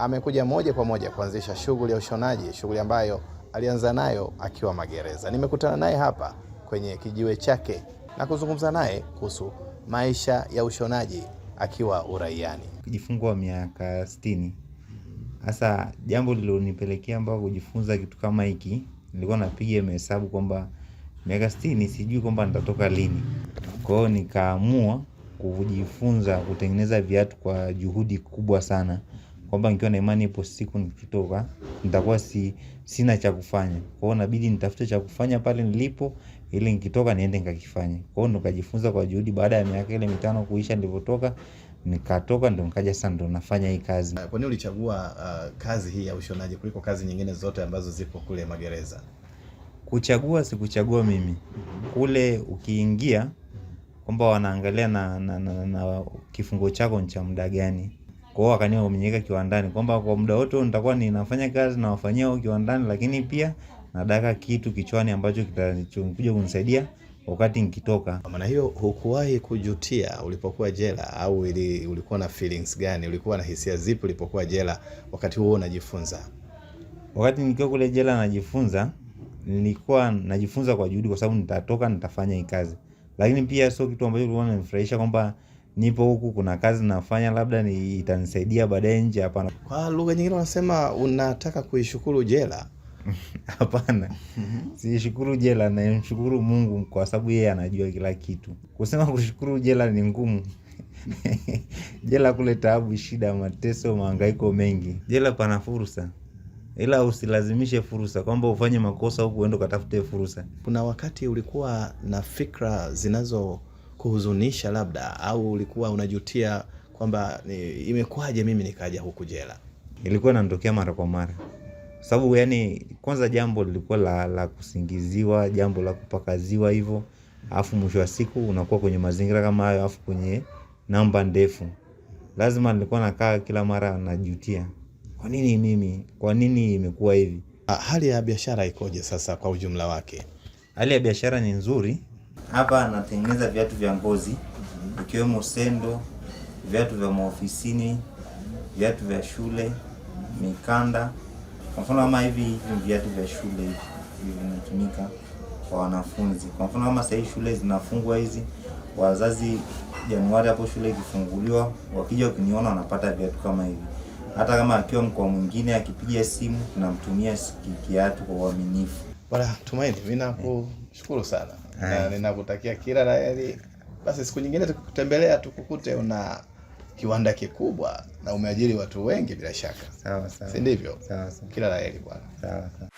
amekuja moja kwa moja kuanzisha shughuli ya ushonaji, shughuli ambayo alianza nayo akiwa magereza. Nimekutana naye hapa kwenye kijiwe chake na kuzungumza naye kuhusu maisha ya ushonaji akiwa uraiani. Kujifungua miaka sitini hasa jambo lilonipelekea mpaka kujifunza kitu kama hiki, nilikuwa napiga mahesabu kwamba miaka sitini sijui kwamba nitatoka lini. Kwa hiyo nikaamua kujifunza kutengeneza viatu kwa juhudi kubwa sana kwamba nikiwa na imani ipo siku nikitoka nitakuwa si, sina cha kufanya. Kwa hiyo inabidi nitafute cha kufanya pale nilipo ili nikitoka niende nikakifanye. Kwa hiyo nikajifunza kwa juhudi, baada ya miaka ile mitano kuisha nilipotoka nikatoka ndo nikaja sasa ndo nafanya hii kazi. Kwa nini ulichagua uh, kazi hii ya ushonaji kuliko kazi nyingine zote ambazo zipo kule magereza? Kuchagua sikuchagua mimi, kule ukiingia kwamba wanaangalia na, na, na, na, na kifungo chako ni cha muda gani kwa hiyo wakaniwa wamenyeka kiwandani kwamba kwa muda wote nitakuwa ninafanya kazi na wafanyia wao kiwandani, lakini pia nadaka kitu kichwani ambacho kitakuja kunisaidia wakati nikitoka. Kwa maana hiyo, hukuwahi kujutia ulipokuwa jela au ili, ulikuwa na feelings gani? Ulikuwa na hisia zipi ulipokuwa jela wakati huo unajifunza? Wakati nikiwa kule jela najifunza, nilikuwa najifunza kwa juhudi, kwa sababu nitatoka nitafanya hii kazi, lakini pia sio kitu ambacho kilikuwa kinanifurahisha kwamba nipo huku, kuna kazi nafanya, labda ni itanisaidia baadaye nje. Hapana. Kwa lugha nyingine wanasema unataka kuishukuru jela? Hapana, sishukuru jela, namshukuru Mungu kwa sababu yeye anajua kila kitu. Kusema kushukuru jela ni ngumu jela kule taabu, shida, mateso, mahangaiko mengi. Jela pana fursa, ila usilazimishe fursa kwamba ufanye makosa huku uende ukatafute fursa. Kuna wakati ulikuwa na fikra zinazo kuhuzunisha labda, au ulikuwa unajutia kwamba imekuwaje mimi nikaja huku jela? Ilikuwa inanitokea mara kwa mara, sababu yani, kwanza jambo lilikuwa la, la kusingiziwa, jambo la kupakaziwa hivyo, alafu mwisho wa siku unakuwa kwenye mazingira kama hayo, alafu kwenye namba ndefu, lazima nilikuwa nakaa kila mara najutia, kwa nini mimi, kwa nini imekuwa hivi? Ah, hali ya biashara ikoje sasa kwa ujumla wake? Hali ya biashara ni nzuri hapa anatengeneza viatu vya ngozi ikiwemo sendo, viatu vya maofisini, viatu vya shule, mikanda. Kwa mfano kama hivi hivi viatu vya shule hivi vinatumika kwa wanafunzi. Kwa mfano kama sasa shule zinafungwa hizi, wazazi Januari hapo shule ikifunguliwa, wakija kuniona wanapata viatu kama hivi. Hata kama akiwa mkoa mwingine akipiga simu tunamtumia kiatu kwa uaminifu. Bwana Tumaini, mimi nakushukuru sana. Eh. ninakutakia kila la heri. Basi siku nyingine tukikutembelea tukukute una kiwanda kikubwa na umeajiri watu wengi bila shaka, si ndivyo? Kila la heri bwana.